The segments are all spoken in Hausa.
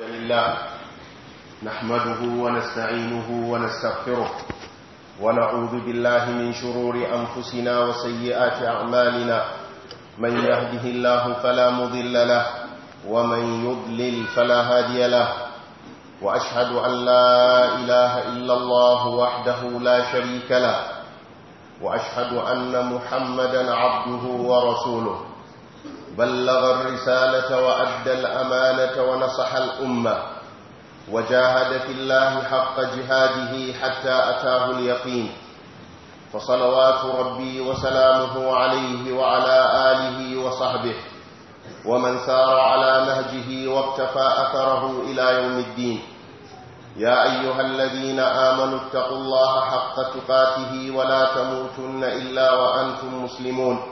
الحمد لله نحمده ونستعينه ونستغفره ونعوذ بالله من شرور أنفسنا وسيئات أعمالنا من يهده الله فلا مضل له ومن يضلل فلا هادي له وأشهد أن لا إله إلا الله وحده لا شريك له وأشهد أن محمدا عبده ورسوله بلغ الرسالة وأدى الأمانة ونصح الأمة وجاهد في الله حق جهاده حتى أتاه اليقين فصلوات ربي وسلامه عليه وعلى آله وصحبه ومن سار على نهجه واقتفى أثره إلى يوم الدين يا أيها الذين آمنوا اتقوا الله حق تقاته ولا تموتن إلا وأنتم مسلمون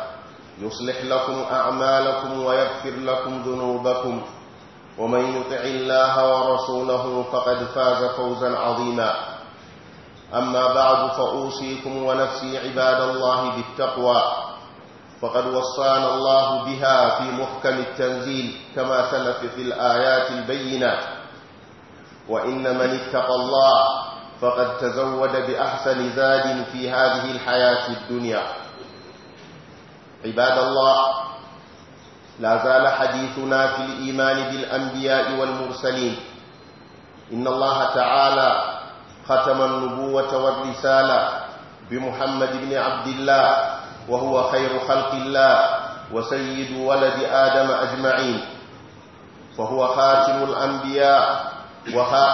يصلح لكم أعمالكم ويغفر لكم ذنوبكم ومن يطع الله ورسوله فقد فاز فوزا عظيما أما بعد فأوصيكم ونفسي عباد الله بالتقوى فقد وصانا الله بها في محكم التنزيل كما سلف في الآيات البينات وإن من اتقى الله فقد تزود بأحسن زاد في هذه الحياة الدنيا عباد الله لا زال حديثنا في الإيمان بالأنبياء والمرسلين إن الله تعالى ختم النبوة والرسالة بمحمد بن عبد الله وهو خير خلق الله وسيد ولد آدم أجمعين فهو خاتم الأنبياء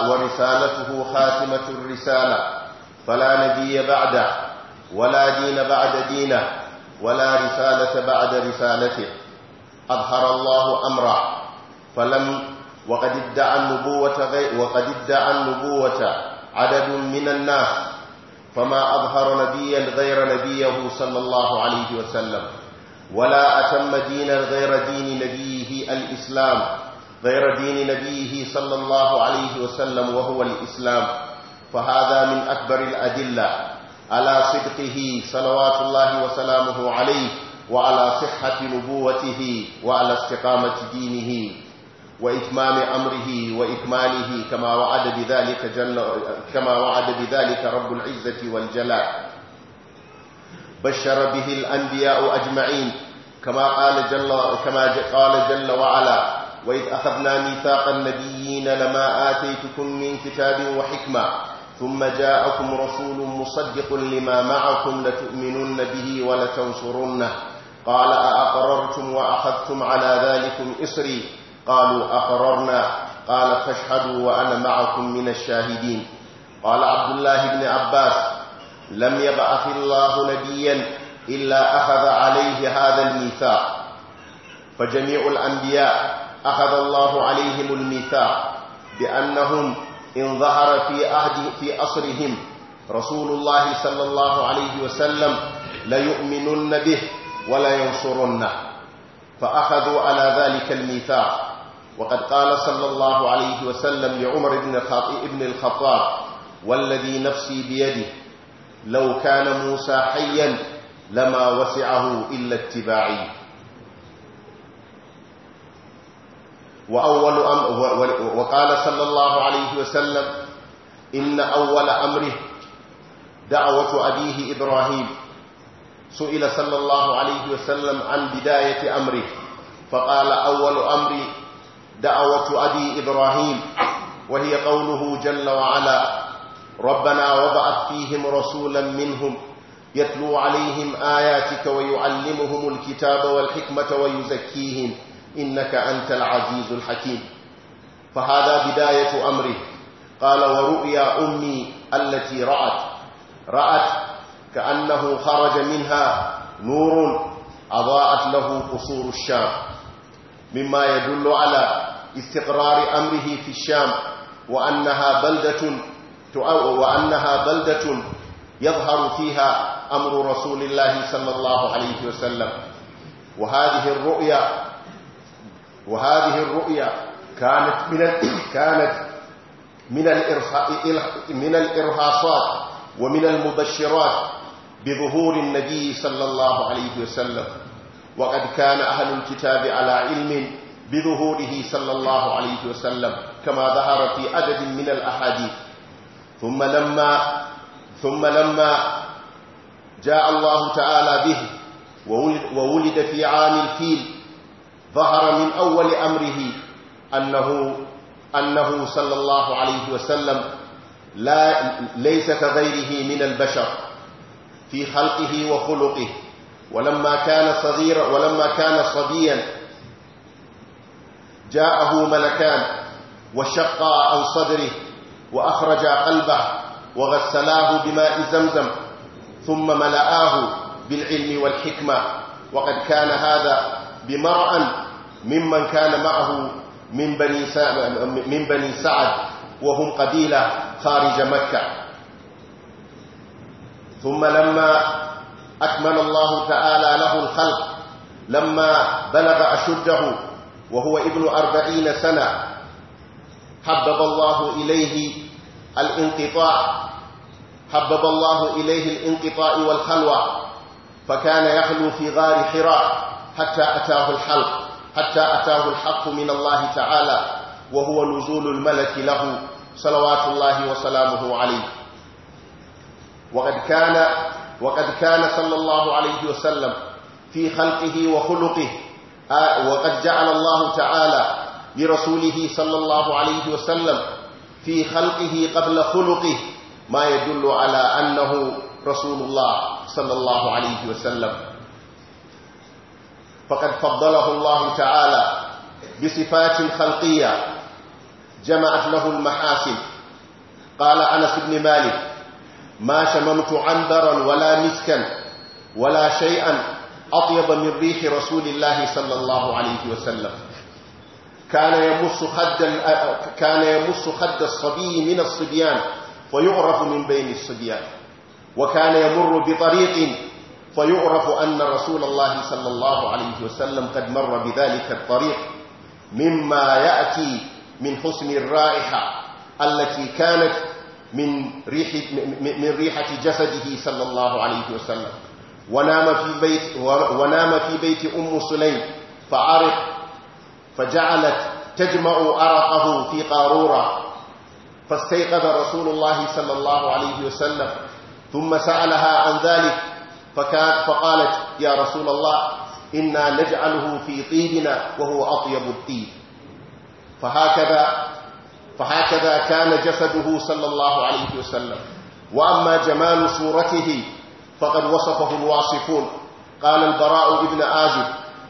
ورسالته خاتمة الرسالة فلا نبي بعده ولا دين بعد دينه ولا رسالة بعد رسالته أظهر الله أمره فلم وقد ادعى النبوة غير وقد ادعى النبوة عدد من الناس فما أظهر نبيا غير نبيه صلى الله عليه وسلم ولا أتم دينا غير دين نبيه الإسلام غير دين نبيه صلى الله عليه وسلم وهو الإسلام فهذا من أكبر الأدلة على صدقه صلوات الله وسلامه عليه وعلى صحة نبوته وعلى استقامة دينه وإتمام أمره وإكماله كما وعد بذلك, جل كما وعد بذلك رب العزة والجلال بشر به الأنبياء أجمعين كما قال جل, كما قال جل وعلا وإذ أخذنا ميثاق النبيين لما آتيتكم من كتاب وحكمة ثم جاءكم رسول مصدق لما معكم لتؤمنن به ولتنصرنه قال أأقررتم وأخذتم على ذلكم إصري قالوا أقررنا قال فاشهدوا وأنا معكم من الشاهدين قال عبد الله بن عباس لم يبعث الله نبيا إلا أخذ عليه هذا الميثاق فجميع الأنبياء أخذ الله عليهم الميثاق بأنهم إن ظهر في عهد في أصرهم رسول الله صلى الله عليه وسلم ليؤمنن به ولا ينصرونه فأخذوا على ذلك الميثاق وقد قال صلى الله عليه وسلم لعمر بن ابن الخطاب والذي نفسي بيده لو كان موسى حيا لما وسعه إلا اتباعي وأول أم وقال صلى الله عليه وسلم إن أول أمره دعوة أبيه إبراهيم سئل صلى الله عليه وسلم عن بداية أمره فقال أول أمري دعوة أبي إبراهيم وهي قوله جل وعلا ربنا وضعت فيهم رسولا منهم يتلو عليهم آياتك ويعلمهم الكتاب والحكمة ويزكيهم إنك أنت العزيز الحكيم فهذا بداية أمره قال ورؤيا أمي التي رأت رأت كأنه خرج منها نور أضاءت له قصور الشام مما يدل على استقرار أمره في الشام وأنها بلدة وأنها بلدة يظهر فيها أمر رسول الله صلى الله عليه وسلم وهذه الرؤيا وهذه الرؤيا كانت من كانت من من الارهاصات ومن المبشرات بظهور النبي صلى الله عليه وسلم وقد كان أهل الكتاب على علم بظهوره صلى الله عليه وسلم كما ظهر في عدد من الأحاديث ثم لما ثم لما جاء الله تعالى به وولد في عام الفيل ظهر من أول أمره أنه, أنه صلى الله عليه وسلم لا ليس كغيره من البشر في خلقه وخلقه ولما كان صغيرا ولما كان صبيا جاءه ملكان وشقا عن صدره وأخرجا قلبه وغسلاه بماء زمزم ثم ملآه بالعلم والحكمة وقد كان هذا بمرأ ممن كان معه من بني من بني سعد وهم قبيلة خارج مكة ثم لما أكمل الله تعالى له الخلق لما بلغ أشده وهو ابن أربعين سنة حبب الله إليه الانقطاع حبب الله إليه الانقطاع والخلوة فكان يخلو في غار حراء حتى أتاه الحلق حتى أتاه الحق من الله تعالى وهو نزول الملك له صلوات الله وسلامه عليه وقد كان وقد كان صلى الله عليه وسلم في خلقه وخلقه وقد جعل الله تعالى لرسوله صلى الله عليه وسلم في خلقه قبل خلقه ما يدل على أنه رسول الله صلى الله عليه وسلم فقد فضله الله تعالى بصفات خلقية جمعت له المحاسن قال أنس بن مالك ما شممت عنبرا ولا مسكا ولا شيئا أطيب من ريح رسول الله صلى الله عليه وسلم كان يمص خد آه، آه، كان يمص خد الصبي من الصبيان فيعرف من بين الصبيان وكان يمر بطريق فيعرف أن رسول الله صلى الله عليه وسلم قد مر بذلك الطريق مما يأتي من حسن الرائحة التي كانت من ريحة, من ريحة جسده صلى الله عليه وسلم ونام في بيت, ونام في بيت أم سليم فعرق فجعلت تجمع أرقه في قارورة فاستيقظ رسول الله صلى الله عليه وسلم ثم سألها عن ذلك فكان فقالت يا رسول الله إنا نجعله في طيبنا وهو أطيب الطيب فهكذا فهكذا كان جسده صلى الله عليه وسلم وأما جمال صورته فقد وصفه الواصفون قال البراء ابن آزب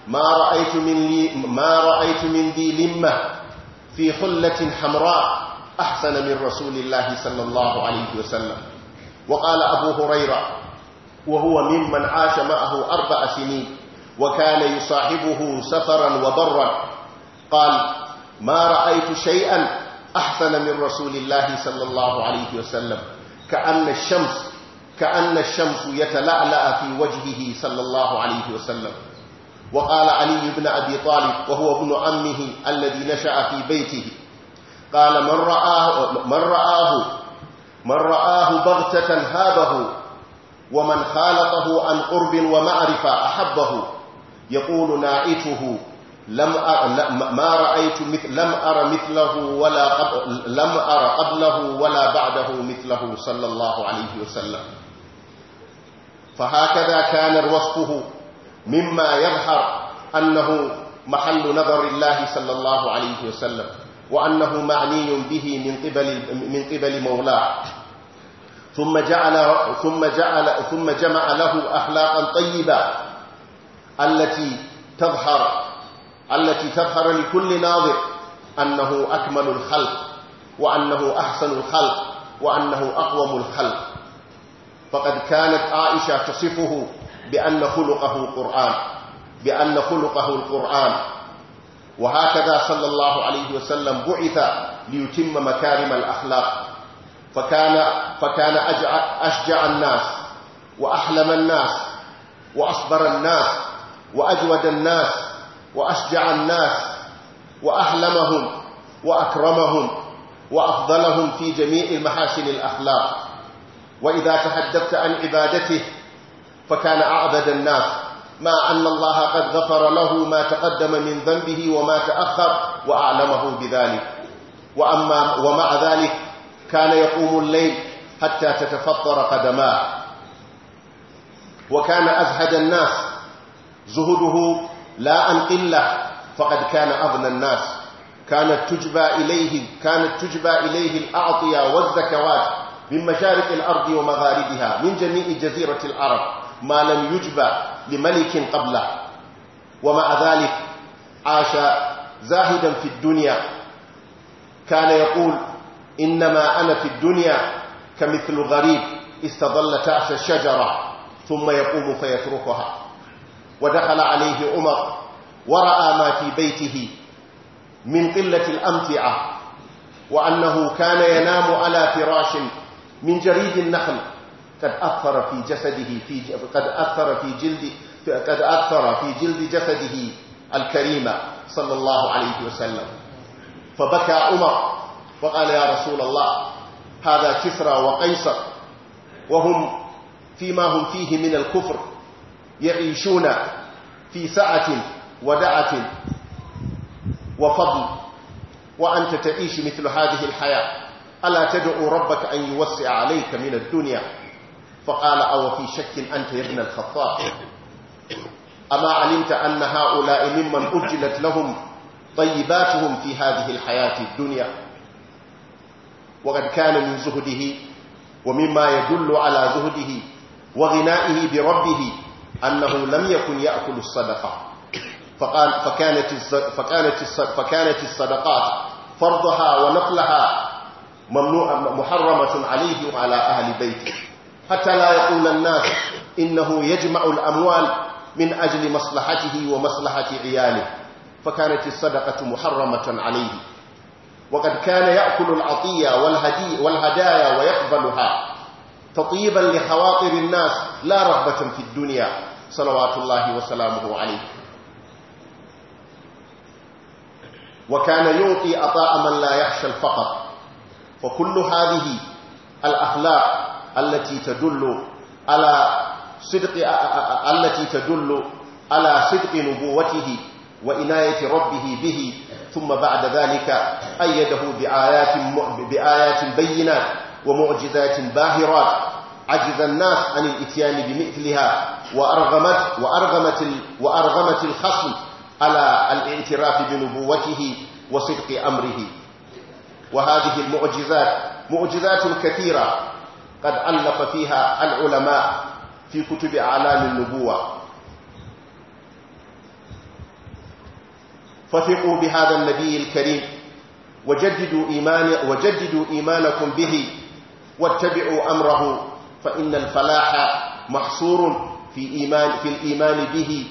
ما رأيت من, لي ما رأيت من ذي لمة في حلة حمراء أحسن من رسول الله صلى الله عليه وسلم وقال أبو هريرة وهو ممن عاش معه أربع سنين وكان يصاحبه سفرا وبرا قال ما رأيت شيئا أحسن من رسول الله صلى الله عليه وسلم كأن الشمس كأن الشمس يتلألأ في وجهه صلى الله عليه وسلم وقال علي بن أبي طالب وهو ابن عمه الذي نشأ في بيته قال من رآه, من رآه, من رآه بغتة هابه ومن خالطه عن قرب ومعرفة أحبه يقول نائته لم أر ما رأيت مثل لم أر مثله ولا لم أر قبله ولا بعده مثله صلى الله عليه وسلم فهكذا كان وصفه مما يظهر أنه محل نظر الله صلى الله عليه وسلم وأنه معني به من قبل, من قبل مولاه ثم جعل ثم جعل ثم جمع له اخلاقا طيبه التي تظهر التي تظهر لكل ناظر انه اكمل الخلق وانه احسن الخلق وانه اقوم الخلق فقد كانت عائشه تصفه بان خلقه القران بان خلقه القران وهكذا صلى الله عليه وسلم بعث ليتم مكارم الاخلاق فكان, فكان أشجع الناس وأحلم الناس وأصبر الناس وأجود الناس وأشجع الناس وأحلمهم وأكرمهم وأفضلهم في جميع المحاسن الأخلاق وإذا تحدثت عن عبادته فكان أعبد الناس ما أن الله قد غفر له ما تقدم من ذنبه وما تأخر وأعلمه بذلك وأما ومع ذلك كان يقوم الليل حتى تتفطر قدماه وكان أزهد الناس زهده لا أن قله فقد كان أغنى الناس كانت تجبى إليه كانت تجبى إليه الأعطية والزكوات من مشارق الأرض ومغاربها من جميع جزيرة العرب ما لم يجبى لملك قبله ومع ذلك عاش زاهدا في الدنيا كان يقول إنما أنا في الدنيا كمثل غريب استظل تحت الشجرة ثم يقوم فيتركها ودخل عليه عمر ورأى ما في بيته من قلة الأمتعة وأنه كان ينام على فراش من جريد النخل قد أثر في جسده في قد أثر في جلد قد أثر في جلد جسده الكريمة صلى الله عليه وسلم فبكى عمر فقال يا رسول الله هذا كسرى وقيصر وهم فيما هم فيه من الكفر يعيشون في سعة ودعة وفضل وأنت تعيش مثل هذه الحياة ألا تدعو ربك أن يوسع عليك من الدنيا فقال أو في شك أنت يا ابن الخطاب أما علمت أن هؤلاء ممن أجلت لهم طيباتهم في هذه الحياة الدنيا وقد كان من زهده ومما يدل على زهده وغنائه بربه أنه لم يكن يأكل الصدقة فقال فكانت, فكانت, فكانت الصدقات فرضها ونقلها ممنوع محرمة عليه وعلى أهل بيته حتى لا يقول الناس إنه يجمع الأموال من أجل مصلحته ومصلحة عياله فكانت الصدقة محرمة عليه وقد كان يأكل العطية والهدي والهدايا ويقبلها تطيبا لخواطر الناس لا رغبة في الدنيا صلوات الله وسلامه عليه وكان يعطي عطاء من لا يخشى الفقر وكل هذه الأخلاق التي تدل على صدق التي تدل على صدق نبوته وإناية ربه به ثم بعد ذلك أيده بآيات, بآيات بينات ومعجزات باهرات عجز الناس عن الاتيان بمثلها وأرغمت, وأرغمت, وأرغمت الخصم على الاعتراف بنبوته وصدق أمره وهذه المعجزات معجزات كثيرة قد ألف فيها العلماء في كتب أعلام النبوة فثقوا بهذا النبي الكريم وجددوا, إيمان وجددوا إيمانكم به واتبعوا أمره فإن الفلاح محصور في, إيمان في الإيمان به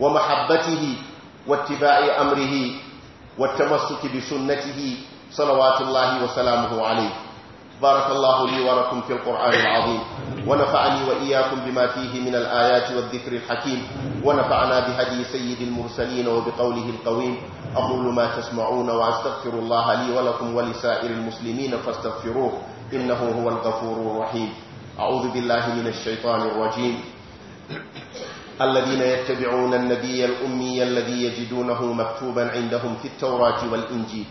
ومحبته واتباع أمره والتمسك بسنته صلوات الله وسلامه عليه بارك الله لي ولكم في القرآن العظيم ونفعني وإياكم بما فيه من الآيات والذكر الحكيم ونفعنا بهدي سيد المرسلين وبقوله القويم أقول ما تسمعون وأستغفر الله لي ولكم ولسائر المسلمين فاستغفروه إنه هو الغفور الرحيم أعوذ بالله من الشيطان الرجيم الذين يتبعون النبي الأمي الذي يجدونه مكتوبا عندهم في التوراة والإنجيل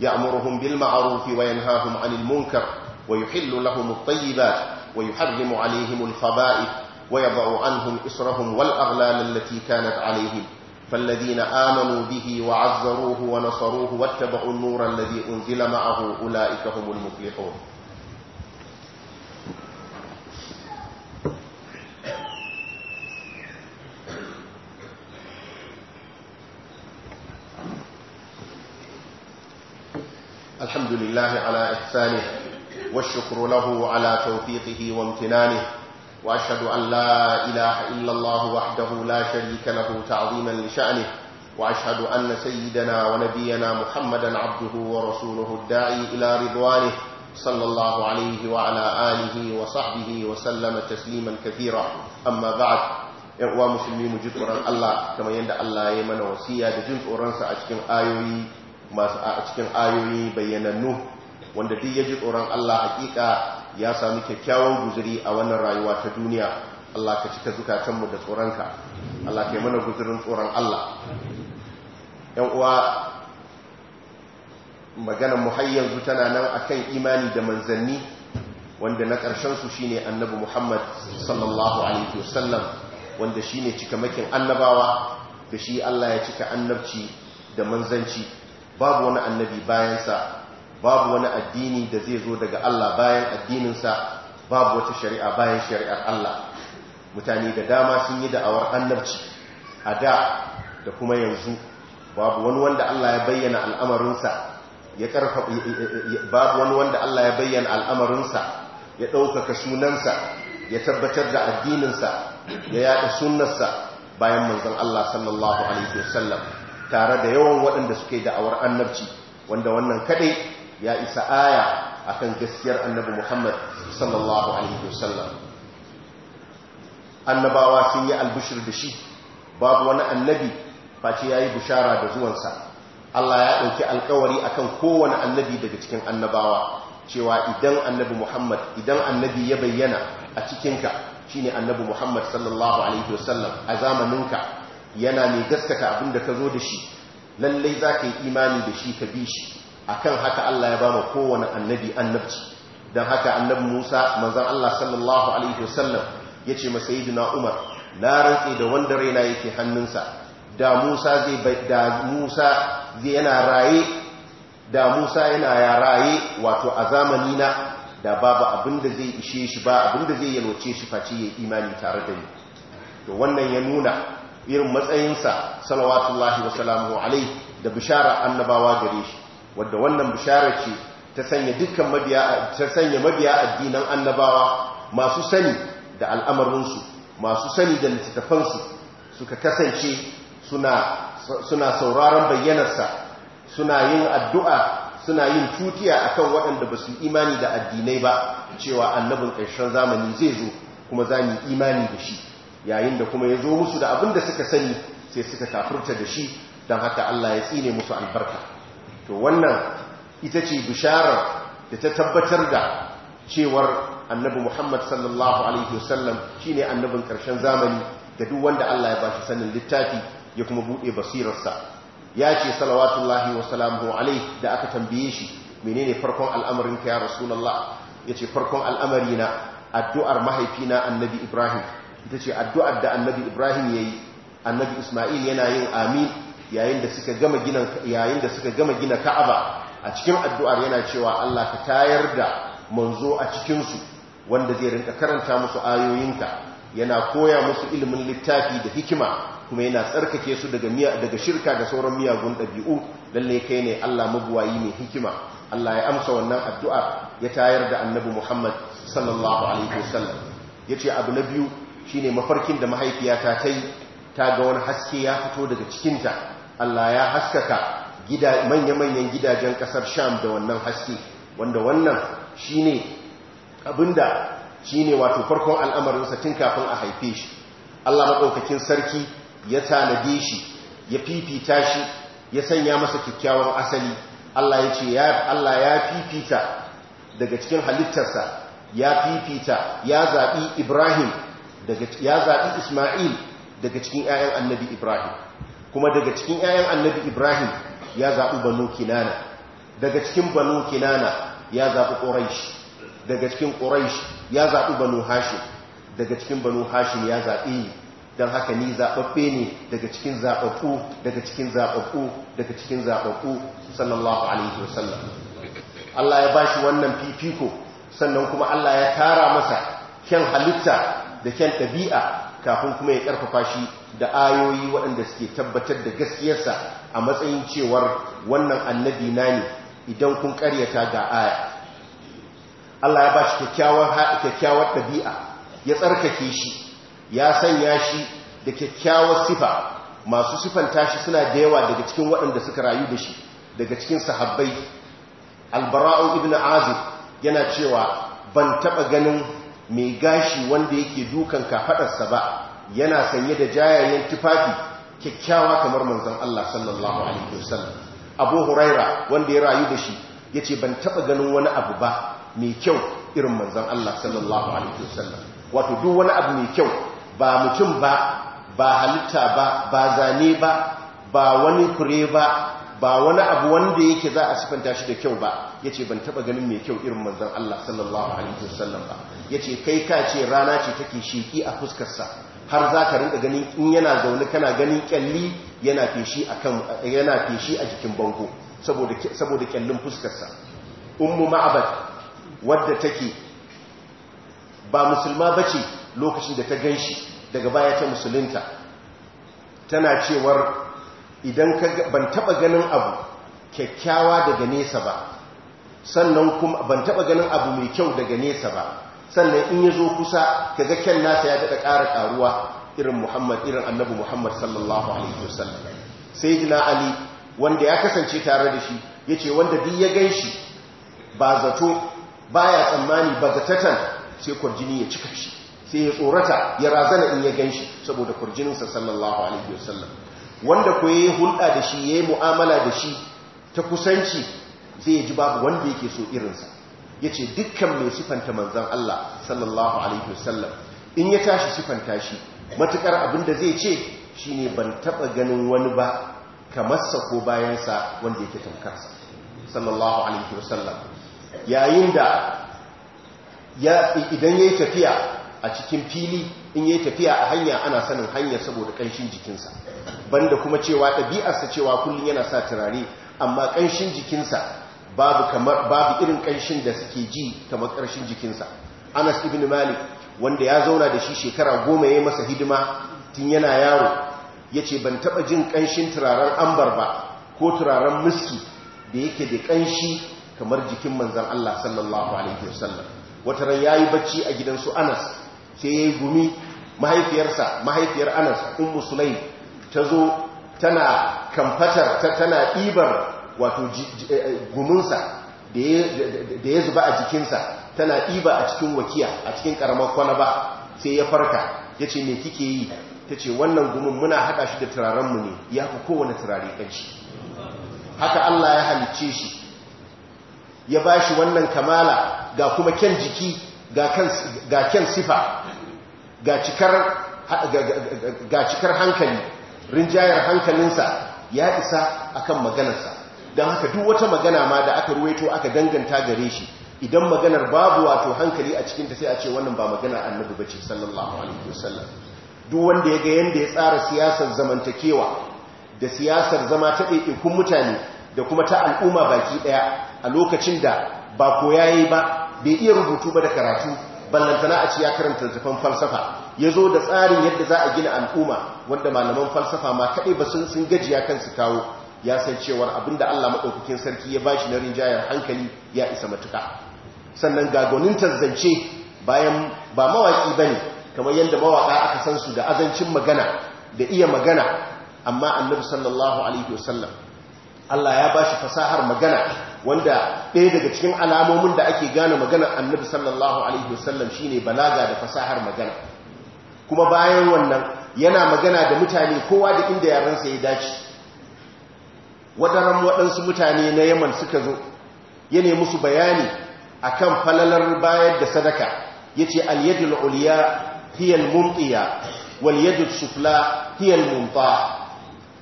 يأمرهم بالمعروف وينهاهم عن المنكر ويحل لهم الطيبات ويحرم عليهم الخبائث ويضع عنهم إسرهم والأغلال التي كانت عليهم فالذين آمنوا به وعزروه ونصروه واتبعوا النور الذي أنزل معه أولئك هم المفلحون الحمد لله على إحسانه والشكر له على توفيقه وامتنانه وأشهد أن لا إله إلا الله وحده لا شريك له تعظيما لشأنه وأشهد أن سيدنا ونبينا محمدا عبده ورسوله الداعي إلى رضوانه صلى الله عليه وعلى آله وصحبه وسلم تسليما كثيرا أما بعد ‘yan'uwa musulmi mu ji tsoron Allah kamar yadda Allah ya mana wasiya da jin tsoronsa a cikin ayoyi masu a cikin ayoyi bayyanannu wanda duk ya ji tsoron Allah hakika ya sami kyakkyawan guzuri a wannan rayuwa ta duniya Allah ka cika zukatanmu da tsoronka Allah ka yi mana guzurin tsoron Allah yan uwa maganar mu har yanzu tana nan akan imani da manzanni wanda na ƙarshen su shine annabi Muhammad sallallahu alaihi wasallam wanda shi shine makin annabawa da shi Allah ya cika annabci da manzanci babu wani annabi bayansa babu wani addini da zai zo daga Allah bayan addininsa babu wata shari'a bayan shari'ar Allah mutane da dama sun yi da'awar annabci a da da kuma yanzu babu wani wanda Allah ya bayyana al'amarinsa ya karfa babu wani wanda Allah ya bayyana al'amarinsa ya ɗaukaka sunansa ya tabbatar da addininsa ya yaɗa sunnarsa bayan manzon Allah sallallahu alaihi wasallam tare da yawan waɗanda suke da'awar annabci wanda wannan kadai ya isa aya akan gaskiyar annabi Muhammad sallallahu alaihi wasallam annabawa sun yi albushir da shi babu wani annabi face yayi bushara da zuwansa Allah ya ɗauki alkawari akan kowane annabi daga cikin annabawa cewa idan annabi Muhammad idan annabi ya bayyana a cikinka shine annabi Muhammad sallallahu alaihi wasallam a zamaninka yana mai gaskata abin da ka zo da shi lallai za ka yi imani da shi ka bi shi akan haka Allah ya bama kowane annabi annabci don haka annabi Musa manzon Allah sallallahu alaihi wasallam yace ma sayyidina Umar na rantsi da wanda raina yake hannunsa da Musa zai da Musa zai yana raye da Musa yana raye wato a zamani na da babu abinda zai ishe shi ba abinda zai yalwace shi face ya imani tare da ni to wannan ya nuna irin matsayinsa salawatullahi wa alaihi da bishara annabawa gare shi wadda wannan bishara ce ta sanya dukkan mabiya ta sanya mabiya addinan annabawa masu sani da al'amarinsu masu sani da littattafansu suka kasance suna sauraron bayyanarsa suna yin addu'a suna yin tutiya kan waɗanda ba su imani da addinai ba cewa annabin ƙarshen zamani zai zo kuma za mu imani da shi yayin da kuma ya zo musu da abin da suka sani sai suka kafurta da shi don haka Allah ya tsine musu albarka to wannan ita ce bisharar da ta tabbatar da cewar annabi Muhammad sallallahu alaihi wasallam shine annabin karshen zamani da duk wanda Allah ya ba shi sanin littafi ya kuma buɗe basirarsa ya ce salawatullahi wa alaihi da aka tambaye shi menene farkon al'amarin ka ya Ya yace farkon al'amari na addu'ar mahaifina annabi Ibrahim ita ce addu'ar da annabi Ibrahim ya yi annabi Isma'il yana yin amin yayin da suka gama gina yayin da Ka'aba a cikin addu'ar yana cewa Allah ka tayar da manzo a cikin su wanda zai rinka karanta musu ayoyinka yana koya musu ilimin littafi da hikima kuma yana tsarkake su daga shirka da sauran miyagun dabi'u lalle kai ne Allah mabuwayi mai hikima Allah ya amsa wannan addu'ar ya tayar da Annabi Muhammad sallallahu alaihi wasallam yace abu na biyu shine mafarkin da mahaifiyata ta yi ta ga wani haske ya fito daga cikinta Allah ya haskaka manya-manyan gidajen kasar sham da wannan haske wanda wannan shi ne abinda shi ne wato farkon al'amarinsa tun kafin a haife shi Allah maɗaukakin sarki ya tanade shi ya fifita shi ya sanya masa kyakkyawan asali Allah ya ce Allah ya fifita daga cikin halittarsa ya fifita ya zaɓi Ibrahim ya zaɓi Ismail daga cikin 'ya'yan annabi ibrahim kuma daga cikin 'ya'yan annabi ibrahim ya zaɓi banu kinana daga cikin banu kinana ya zaɓi ƙoraish, daga cikin ƙoraish ya zaɓi banu hashim daga cikin banu hashim ya zaɓi don haka ni zaɓaɓɓe ne daga cikin zaɓaɓɓu daga cikin zaɓaɓɓu daga cikin zaɓaɓɓu sallallahu alaihi Sallam. Allah ya bashi wannan fifiko sannan kuma Allah ya tara masa kyan halitta da kyan ɗabi'a kafin kuma ya karfafa shi da ayoyi waɗanda suke tabbatar da gaskiyarsa a matsayin cewar wannan annabi na ne idan kun karyata ga aya Allah ya ba shi kyakkyawar ɗabi'a ya tsarkake shi ya sanya shi da kyakkyawar sifa masu sifan tashi suna da yawa daga cikin waɗanda suka rayu da shi daga cikin sahabbai Albara'un ibn Azir yana cewa ban taɓa ganin mai gashi wanda yake dukan kafadarsa ba yana sanye da jayayen tufafi kyakkyawa kamar manzon Allah sallallahu alaihi wasallam Abu Huraira wanda ya rayu da shi yace ban taba ganin wani abu ba mai kyau irin manzon Allah sallallahu alaihi wasallam wato duk wani abu mai kyau ba mutum ba ba halitta ba ba zane ba ba wani kure ba ba wani abu wanda yake za a sifanta shi da kyau ba yace ban taba ganin mai kyau irin manzon Allah sallallahu alaihi wasallam ba ya ce kai ka ce rana ce take sheki a fuskarsa har za ka rinka ganin in yana zaune kana ganin kyalli yana feshi a jikin bango saboda kyallin fuskarsa ummu ma'abad wadda take ba musulma ba ce lokacin da ta ganshi daga baya ta musulunta tana cewar idan ka ban taɓa ganin abu kyakkyawa daga nesa ba sannan kuma ban taɓa ganin abu mai kyau daga nesa ba sannan in ya zo kusa ka ga kyan nasa ya daɗa ƙara ƙaruwa irin muhammad irin annabi muhammad sallallahu alaihi wasallam sai jina ali wanda ya kasance tare da shi ya ce wanda duk ya gan shi ba zato ba ya tsammani ba zatatan sai kwarjini ya cika shi sai ya tsorata ya razana in ya gan shi saboda kwarjininsa sallallahu alaihi wasallam wanda ko ya yi hulɗa da shi ya yi mu'amala da shi ta kusanci zai ji babu wanda yake so irinsa Ya ce dukkan mai sifanta manzan Allah sallallahu alaihi wasallam in ya tashi sifanta shi matukar abinda zai ce shine ban taɓa ganin wani ba ka masa ko bayansa wanda wanda yake tankarsa sallallahu alaihi wasallam yayin da idan ya yi tafiya a cikin fili in ya yi tafiya a hanya ana sanin hanya saboda ƙanshin jikinsa banda kuma cewa ɗabi'arsa cewa kullum yana sa turare amma ƙanshin jikinsa babu irin ƙanshin da suke ji kamar ƙarshen jikinsa Anas ibn Malik wanda ya zauna da shi shekara goma ya yi masa hidima tun yana yaro ya ce ban taɓa jin ƙanshin turaren ambar ba ko turaren miski da yake da ƙanshi kamar jikin manzan Allah sallallahu Alaihi wasallam wata ran ya yi bacci a su Anas sai ya yi gumi mahaifiyarsa mahaifiyar Anas un musulai ta zo tana kamfatar tana ɗibar wato eh, eh, gumunsa da ya zuba a jikinsa tana ɗiba a cikin wakiya a cikin ƙaramar kwalaba sai ya farka ya ce me kike yi ta ce wannan gumun muna haɗa shi da turarenmu ne ya fi kowane turare ƙanshi haka Allah ya halicce shi ya ba shi wannan kamala ga kuma kyan jiki ga kyan sifa ga cikar hankali rinjayar hankalinsa ya isa akan maganarsa don haka duk wata magana ma da aka ruwaito aka danganta gare shi idan maganar babu wato hankali a cikinta sai a ce wannan ba magana annabi ba ce sallallahu alaihi wasallam duk wanda ya ga yadda ya tsara siyasar zamantakewa da siyasar zama ta ɗaiɗaikun mutane da kuma ta al'umma baki ɗaya a lokacin da ba koya yi ba bai iya rubutu ba da karatu ballantana a ci ya karanta littafin falsafa ya zo da tsarin yadda za a gina al'umma wanda malaman falsafa ma kaɗai ba sun gajiya kansu kawo ya san cewar abinda Allah maɗaukakin sarki ya bashi na rinjayar hankali ya isa matuka sannan gagonin tanzance bayan ba mawaki ne kamar yadda mawaƙa aka san su da azancin magana da iya magana amma annabi sallallahu alaihi wasallam Allah ya ba shi fasahar magana wanda ɗaya daga cikin alamomin da ake gane maganar annabi sallallahu alaihi wasallam shine balaga da fasahar magana kuma bayan wannan yana magana da mutane kowa da inda yaransa ya dace wadaran waɗansu mutane na yaman suka zo ya nemi musu bayani akan falalar bayar da sadaka ya ce alyadul uliya hiyal mumtiya wal yadul sufla hiyal mumta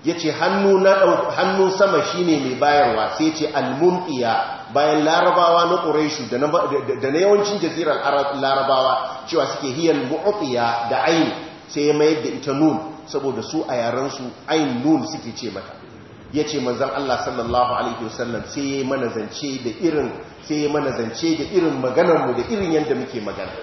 ya ce hannun sama shine mai bayarwa sai ce almumtiya bayan larabawa na ƙureshu da na yawancin jazirar larabawa cewa suke hiyar mu'ufiya da ayin sai ya mayar da ita nun saboda su a su ayin nun suke ce mata ya ce manzan Allah sallallahu alaihi wasallam sai mana zance da irin sai ya mana zance da irin maganarmu da irin yadda muke magana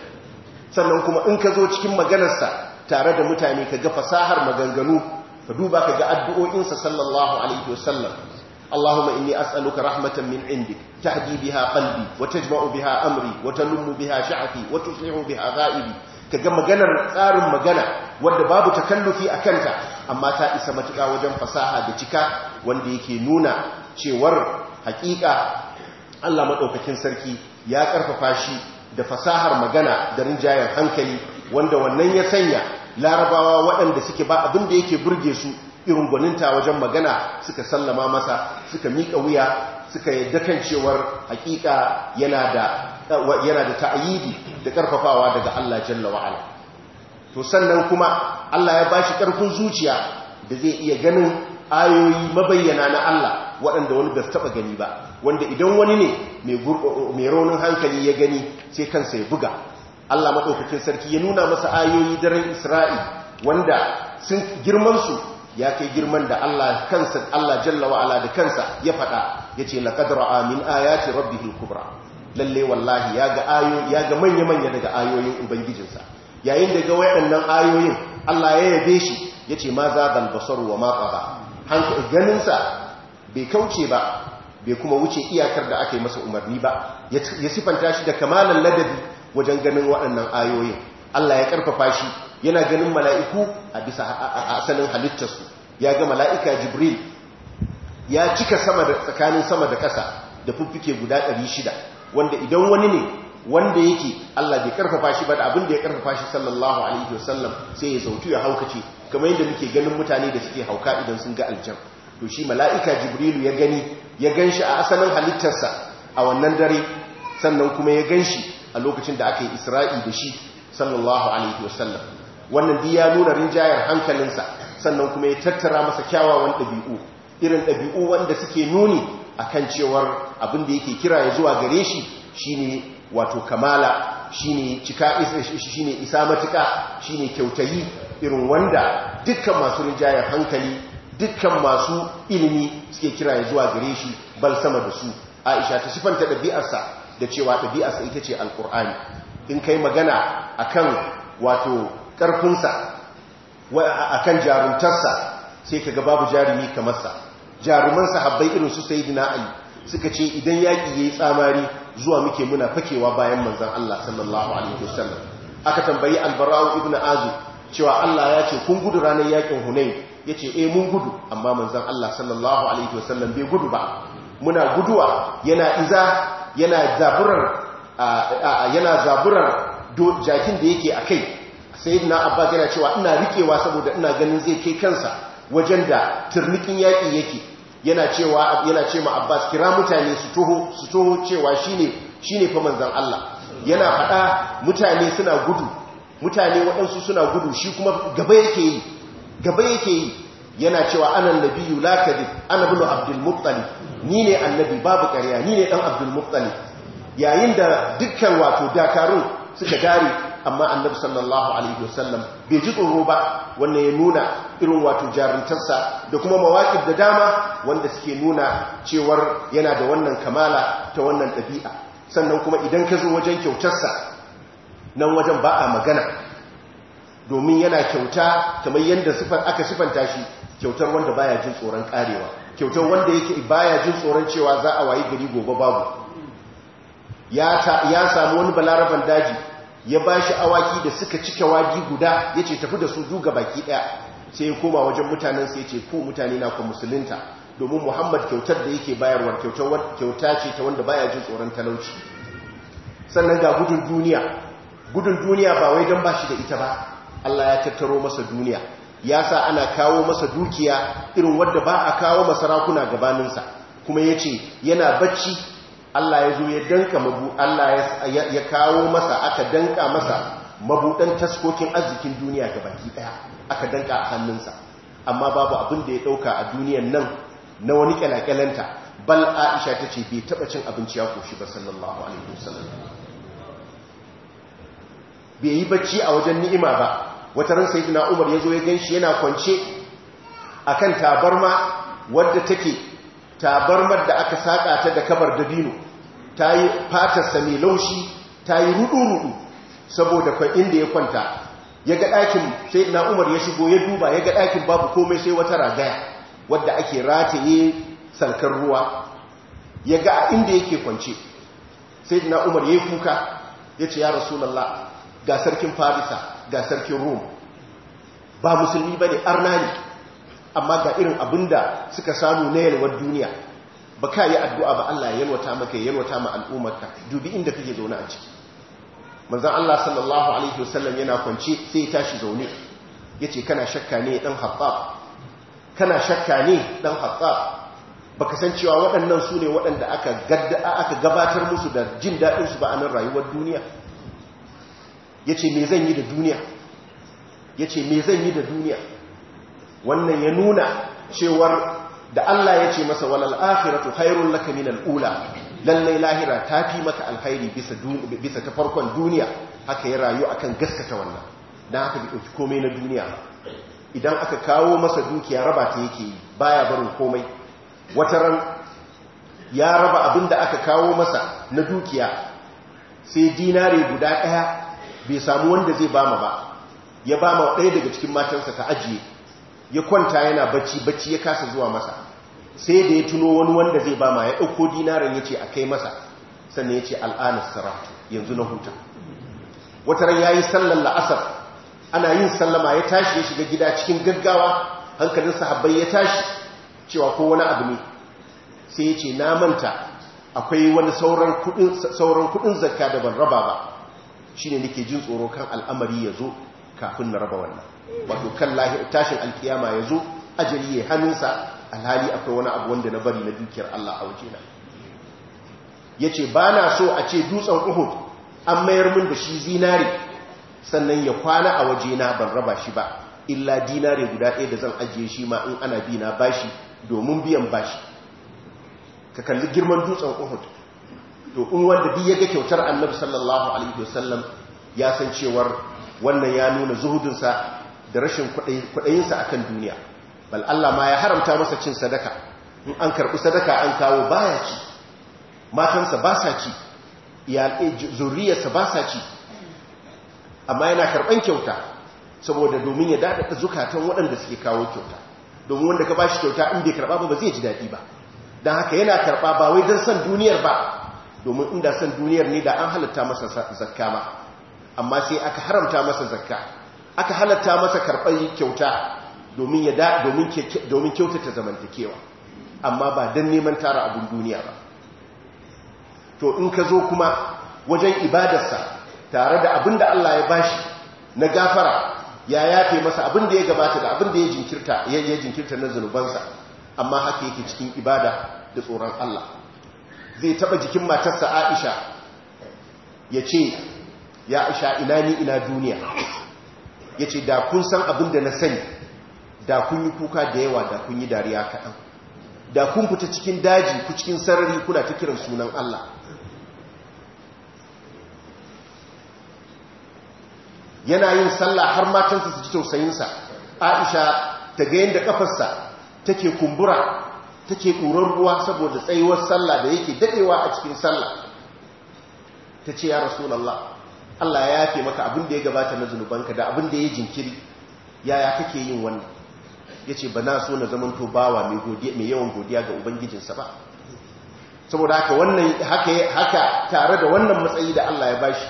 sannan kuma in ka zo cikin maganarsa tare da mutane ka ga fasahar maganganu ka duba ka ga addu'o'insa sallallahu alaihi wasallam Allahumma inni as'aluka rahmatan min indik tahdi biha qalbi wa tajma'u biha amri wa talummu biha sha'fi wa tuslihu biha ghaibi kaga maganar tsarin magana wanda babu takallufi a kanta amma ta isa matuƙa wajen fasaha da cika wanda yake nuna cewar haƙiƙa Allah maɗaukakin sarki ya ƙarfafa shi da fasahar magana da rinjayen hankali wanda wannan ya sanya larabawa waɗanda suke ba abin da yake burge su irin gwaninta wajen magana suka sallama masa suka miƙa wuya suka yadda kan cewar hakika yana da ta'ayidi da ƙarfafawa daga Allah jalla wa'ala to sannan kuma Allah ya bashi karfin zuciya da zai iya ganin ayoyi mabayyana na Allah waɗanda wani bai taɓa gani ba wanda idan wani ne mai raunin hankali ya gani sai kansa ya buga Allah maɗaukakin sarki ya nuna masa ayoyi daren Isra'i wanda sun girmansu ya kai girman da Allah kansa Allah jalla wa'ala da kansa ya faɗa ya ce laqad ra'a min ayati rabbihil kubra lalle wallahi ya ga manya manya daga ayoyin ubangijinsa yayin da ga waɗannan ayoyin Allah ya yabe shi ya ce ma za galbasaru wa maƙaha ganinsa bai kauce ba bai kuma wuce iyakar da aka yi masa umarni ba ya sifanta shi da kamalan ladabi wajen ganin waɗannan ayoyin Allah ya ƙarfafa shi yana ganin mala'iku a bisa asalin halittarsu ya ga mala'ika jibril ya cika tsakanin sama da ƙasa da fuffuke guda 600 wanda idan wani ne wanda yake Allah bai karfafa shi ba da abin da ya karfafa shi sallallahu alaihi wasallam sai ya zautu ya haukace kamar yadda muke ganin mutane da suke hauka idan sun ga aljan to shi mala'ika jibrilu ya gani ya ganshi a asalin halittarsa a wannan dare sannan kuma ya ganshi a lokacin da aka yi isra'i da shi sallallahu alaihi wasallam wannan dai ya nuna rinjayar hankalinsa sannan kuma ya tattara masa kyawawan ɗabi'u irin ɗabi'u wanda suke nuni akan cewar abin da yake kira ya zuwa gare shi shine wato kamala shine cika shine isa matuka shine kyautayi irin wanda dukkan masu rijayar hankali dukkan masu ilimi suke kira ya zuwa gare shi bal sama da su Aisha ta sifanta ɗabi'arsa da cewa ɗabi'arsa ita ce alkur'ani in kai magana akan wato ƙarfinsa akan jaruntarsa sai ka ga babu jarumi kamarsa sa jaruman sahabbai irin su sayyidina ali suka ce idan yaƙi ya yi tsamari zuwa muke muna fakewa bayan manzan Allah sallallahu alaihi wasallam aka tambayi albarau ibn azu cewa Allah ya ce kun gudu ranar yaƙin hunai ya ce eh mun gudu amma manzan Allah sallallahu alaihi wasallam bai gudu ba muna guduwa yana iza yana zaburar yana zaburar jakin da yake a kai sayyidina abbas yana cewa ina rikewa saboda ina ganin zai kai kansa wajen da turnikin yaƙi yake yana cewa yana ce ma Abbas kira mutane su tuho su cewa shine shine fa manzon Allah yana fada mutane suna gudu mutane waɗansu suna gudu shi kuma gaba yake yi gaba yake yi yana cewa anan nabiyyu la kadib ana bin abdul muttalib ni ne annabi babu ƙarya ni ne dan abdul muttalib yayin da dukkan wato dakarun suka dare amma annabi sallallahu alaihi wasallam bai ji tsoro ba wanda ya nuna irin wato jarintarsa da kuma mawaƙif da dama wanda suke nuna cewar yana da wannan kamala ta wannan ɗabi'a sannan kuma idan ka zo wajen kyautarsa nan wajen ba a magana domin yana kyauta kamar yadda aka sifanta shi kyautar wanda baya jin tsoron karewa kyautar wanda yake baya jin tsoron cewa za a wayi gari gobe babu ya samu wani balaraban daji ya ba shi awaki da suka cike wagi guda ya ce tafi da su duga baki ɗaya sai ya koma wajen mutanen sai ce ku mutane na ku musulunta domin muhammad kyautar da yake bayarwar kyauta ce ta wanda baya jin tsoron talauci sannan ga gudun duniya gudun duniya ba wai don ba shi da ita ba allah ya tattaro masa duniya ya sa ana kawo masa dukiya irin wadda ba a kawo masarakuna gabaninsa kuma ya ce yana bacci Allah ya zo ya danka mabu Allah ya kawo masa aka danka masa mabudan taskokin arzikin duniya ga baki daya aka danka a hannunsa amma babu abin da ya dauka a duniyan nan na wani kyalakyalanta bal Aisha tace bai taba cin abinci ya koshi ba sallallahu alaihi wasallam bai yi bacci a wajen ni'ima ba wata ran sayyidina Umar ya zo ya ganshi yana kwance akan tabarma wadda take tabarmar da aka saƙa ta da kabar dabino ta yi fatarsa mai laushi ta yi rudu-rudu saboda kwa inda ya kwanta ya ga ɗakin sai na umar ya shigo ya duba ya ga ɗakin babu komai sai wata ragaya wadda ake rataye sarkar ruwa ya ga a inda yake kwance sai na umar ya yi kuka ya ce ya rasulallah ga sarkin farisa ga sarkin rom ba musulmi ba ne arna ne amma ga irin abin da suka samu na yalwar duniya ba ka yi addu'a ba Allah ya yalwata maka ya yalwata ma al'ummarka dubi inda kake zaune a ciki manzan Allah sallallahu alaihi wasallam yana kwance sai ya tashi zaune ya ce kana shakka ne ɗan haɓɓa kana shakka ne ɗan haɓɓa ba ka san cewa waɗannan su ne waɗanda aka gabatar musu da jin daɗinsu ba a nan rayuwar duniya ya ce me zan duniya ya ce me zan yi da duniya wannan ya nuna cewar da Allah ya ce masa walal akhiratu hairun laka min ula lallai lahira ta fi maka alkhairi bisa bisa ta farkon duniya haka ya rayu akan gaskata wannan dan haka bai komai na duniya idan aka kawo masa dukiya raba ta yake baya barin komai wataran ya raba abin da aka kawo masa na dukiya sai dinare guda ɗaya bai samu wanda zai bama ba ya bama ɗaya daga cikin matansa ta ajiye ya kwanta yana bacci bacci ya kasa zuwa masa sai da ya tuno wani wanda zai ba ma ya ɗauko dinaren ya ce a kai masa sannan ya ce al'anar saratu yanzu na huta wata ran ya yi sallar la'asar ana yin sallama ya tashi ya shiga gida cikin gaggawa hankalin sahabbai ya tashi cewa ko wani abu ne sai ya ce na manta akwai wani sauran kuɗin zakka da ban raba ba shi ne nake jin tsoro kan al'amari ya zo kafin na raba wannan wato kan tashin alkiyama ya zo ajali ya hannunsa alhali akwai wani abu wanda na bari na dukiyar Allah a wajena ya ce ba na so a ce dutsen uhud an mayar min da shi zinare sannan ya kwana a wajena ban raba shi ba illa dinare guda ɗaya da zan ajiye shi ma in ana bi na bashi domin biyan bashi ka kalli girman dutsen uhud to in wanda bi ya ga kyautar annabi sallallahu alaihi wasallam ya san cewar wannan ya nuna zuhudinsa da rashin kwaɗayinsa a kan duniya bal Allah ma ya haramta masa cin sadaka in an karɓi sadaka an kawo baya ci matansa ba sa ci eh, zurriyarsa ba sa ci amma yana karɓan kyauta saboda domin ya daɗaɗa zukatan waɗanda suke kawo kyauta domin wanda ka ba shi kyauta in bai karɓa ba ba zai ji daɗi ba don haka yana karɓa ba wai don son duniyar ba domin inda son duniyar ne da an halatta masa zakka amma sai aka haramta masa zakka aka halatta masa karɓar kyauta domin ya da domin kyautata zamantakewa amma ba don neman tara abin duniya ba to in ka zo kuma wajen ibadarsa tare da abin da Allah ya bashi na gafara ya yafe masa abin da ya gabata da abin da ya jinkirta ya jinkirta na zunubansa amma haka yake cikin ibada da tsoron Allah zai taɓa jikin matarsa Aisha ya ce ya aisha ina ni ina duniya ya ce da kun san abin da na sani da kun yi kuka da yawa da kun yi dariya kaɗan da kun kuta cikin daji ku cikin sarari kuna ta kiran sunan Allah yana yin sallah har matansa su ji tausayinsa aisha ta ga yadda kafarsa take kumbura take ɗoron ruwa saboda tsayuwar sallah da yake daɗewa a cikin sallah ta ce ya rasu allah Allah ya yafe maka abin da ya gabata na zunubanka da abin da ya jinkiri yaya kake yin wannan yace ba na so na zamanto bawa mai yawan godiya ga ubangijinsa ba saboda haka wannan haka haka tare da wannan matsayi da Allah ya bashi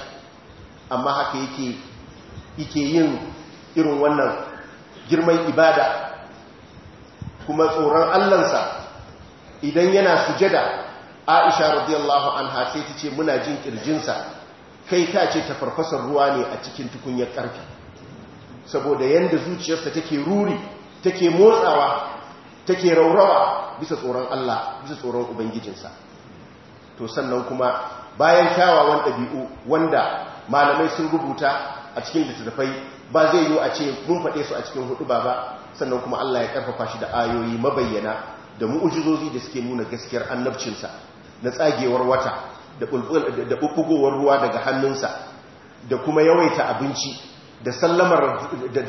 amma haka yake yake yin irin wannan girman ibada kuma tsoron Allahnsa idan yana sujada Aisha radiyallahu anha sai ta ce muna jin kirjinsa kai ta ce ta farfasar ruwa ne a cikin tukunyar ƙarfi saboda yadda zuciyarsa take ruri take motsawa take raurawa bisa tsoron Allah bisa tsoron ubangijinsa to sannan kuma bayan kyawawan ɗabi'u wanda malamai sun rubuta a cikin littattafai ba zai yiwu a ce mun faɗe su a cikin hudu ba ba sannan kuma Allah ya ƙarfafa shi da ayoyi mabayyana da mu'ujizozi da suke nuna gaskiyar annabcinsa na tsagewar wata da ɓuɓɓugowar ruwa daga hannunsa da kuma yawaita abinci da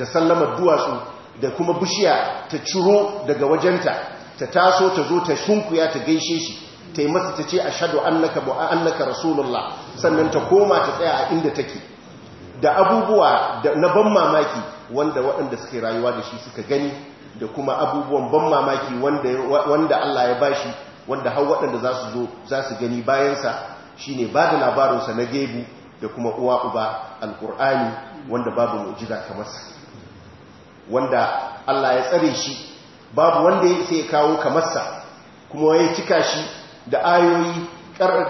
sallamar duwatsu da kuma bishiya ta ciro daga wajenta ta taso ta zo ta shunkuya ta gaishe shi ta yi masa ta ce a shaɗo annaka a annaka rasulullah sannan ta koma ta tsaya a inda take da abubuwa na ban mamaki wanda waɗanda suke rayuwa da shi suka gani da kuma abubuwan ban mamaki wanda Allah ya bashi wanda har waɗanda za su zo za su gani bayansa shine ba da labarinsa na gebu da kuma uwa uba alkur'ani wanda babu mu'jiza kamar wanda Allah ya tsare shi babu wanda ya sai kawo kamarsa kuma ya cika shi da ayoyi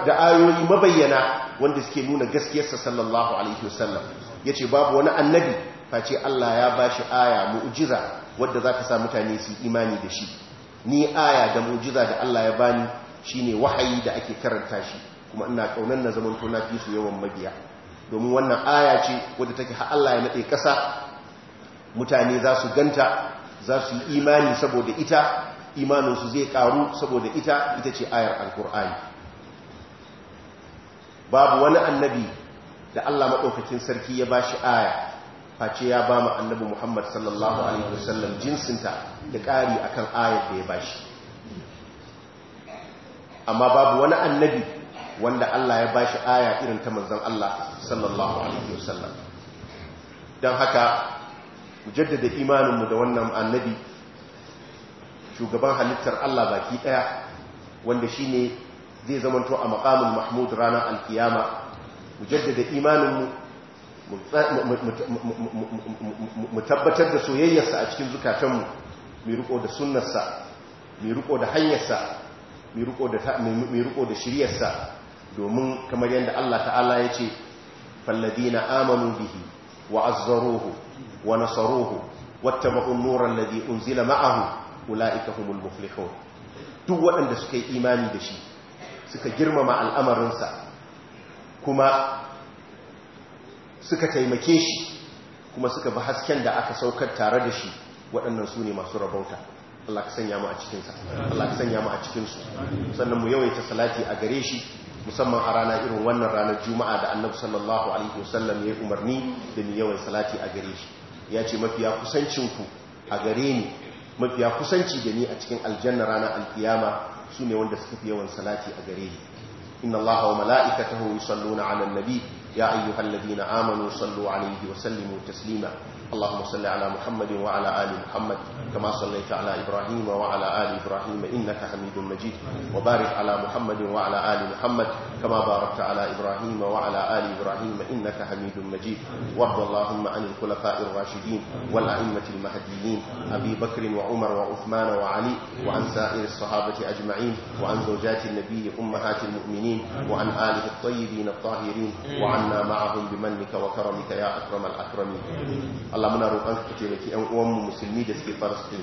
da ayoyi mabayyana wanda suke nuna gaskiyarsa sallallahu alaihi wasallam yace babu wani annabi face Allah ya bashi aya mu'jiza wanda zaka sa mutane su imani da shi ni aya da mujiza da Allah ya bani shine wahayi da ake karanta shi kuma ina kaunan na zaman tona na fi su yawan mabiya domin wannan aya ce wadda take ha Allah ya nade kasa mutane za su ganta za su yi imani saboda ita imanin su zai karu saboda ita ita ce ayar alkur'ani babu wani annabi da Allah madaukakin sarki ya bashi aya face ya ba mu annabi Muhammad sallallahu alaihi wasallam jinsinta da ƙari akan ayat da ya bashi amma babu wani annabi wanda Allah ya bashi aya irin ta manzon Allah sallallahu alaihi wasallam dan haka mujaddada jaddada imaninmu da wannan annabi shugaban halittar Allah baki ɗaya wanda shine zai zamanto a maqamul mahmud ranar alkiyama mujaddada jaddada imaninmu mu tabbatar da soyayyarsa a cikin zukatanmu mai riko da sunnarsa mai riko da hanyarsa mai riko da shiryarsa domin kamar yadda Allah ta'ala ya ce falladina amanu bihi wa azzaruhu wa nasaruhu wattaba'un nuran ladhi unzila ma'ahu ulaika humul muflihun duk waɗanda suka yi imani da shi suka girmama al'amarinsa kuma suka taimake shi kuma suka bi hasken da aka saukar tare da shi waɗannan su ne masu rabauta Allah ka sanya mu a cikinsa Allah ka sanya mu a cikinsu sannan mu yawaita salati a gare shi musamman a rana irin wannan ranar juma'a da annabi sallallahu alaihi wasallam ya umarni da mu yawan salati a gare shi ya ce mafiya kusancinku a gare ni mafiya kusanci da ni a cikin aljanna ranar alkiyama su ne wanda suka fi yawan salati a gare ni inna allaha wa mala'ikatahu yusalluna 'alan nabi يا أيها الذين آمنوا صلوا عليه وسلموا تسليما اللهم صل على محمد وعلى آل محمد كما صليت على إبراهيم وعلى آل إبراهيم إنك حميد مجيد وبارك على محمد وعلى آل محمد كما باركت على إبراهيم وعلى آل إبراهيم إنك حميد مجيد وارض اللهم عن الخلفاء الراشدين والأئمة المهديين أبي بكر وعمر وعثمان وعلي وعن سائر الصحابة أجمعين وعن زوجات النبي أمهات المؤمنين وعن آله الطيبين الطاهرين وعن وتعاملنا معهم بمنك وكرمك يا اكرم الاكرمين الله منا روقك تيمكي ان uwan musulmi da suke farsin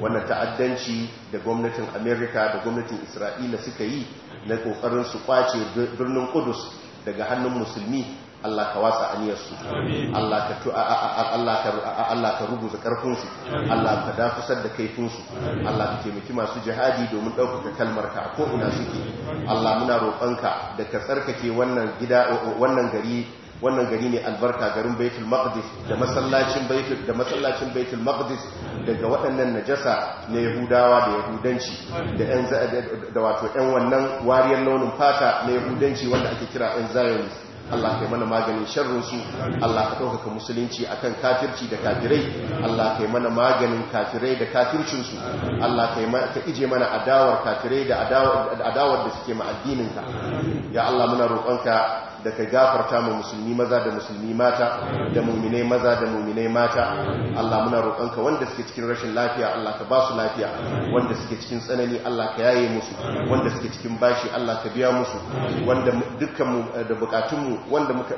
wannan ta'addanci da gwamnatin America da gwamnatin Israel suka yi na kokarin su kwace birnin Kudus daga hannun musulmi Allah ka wasa aniyarsu Allah ka Allah ka Allah ka rubuta karfinsu Allah ka dafisar da kaifinsu Allah ka taimaki masu jihadi domin ɗaukaka kalmarka, ko ina suke Allah muna roƙonka da ka tsarkake wannan wannan gari wannan gari ne albarka garin baitul maqdis da masallacin baitul da masallacin baitul maqdis daga waɗannan najasa na yahudawa da yahudanci da ɗan da wato ɗan wannan wariyar launin fata na yahudanci wanda ake kira yan zayonis Allah kai mana maganin sharrinsu. Allah ka ɗaukaka musulunci akan kafirci da kafirai Allah kai mana maganin kafirai da kafircinsu Allah kai ka ije mana adawar kafirai da adawar da suke ma addinin ya Allah muna roƙonka da ka gafarta mu musulmi maza da musulmi mata da muminai maza da muminai mata Allah muna roƙonka wanda suke cikin rashin lafiya Allah ka ba su lafiya wanda suke cikin tsanani Allah ka yaye musu wanda suke cikin bashi Allah ka biya musu wanda dukkan mu eh, da bukatun mu wanda muka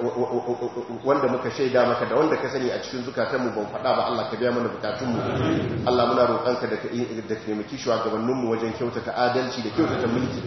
wanda muka shaida maka da wanda ka sani a cikin zukatan mu ban faɗa ba Allah ka biya mana bukatun mu Allah muna roƙonka da ka da taimaki shugabannin mu wajen kyautata adalci da kyautata mulki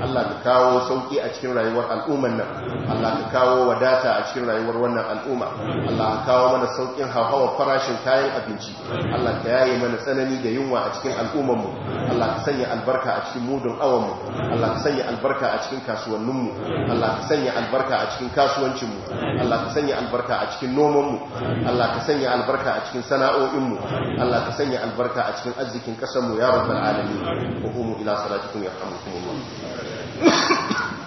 Allah ka kawo sauki a cikin rayuwar al'ummar nan Allah ka kawo wadata a cikin rayuwar wannan al'umma Allah ka kawo mana saukin hauhawar farashin kayan abinci Allah ka yaye mana tsanani da yunwa a cikin al'umman mu Allah ka sanya albarka a cikin mudun awan mu Allah ka sanya albarka a cikin kasuwannin mu Allah ka sanya albarka a cikin kasuwancin mu Allah ka sanya albarka a cikin noman mu Allah ka sanya albarka a cikin sana'o'in mu Allah ka sanya albarka a cikin arzikin kasar mu ya rabbal alamin wa qumu ila salatikum yarhamukumullah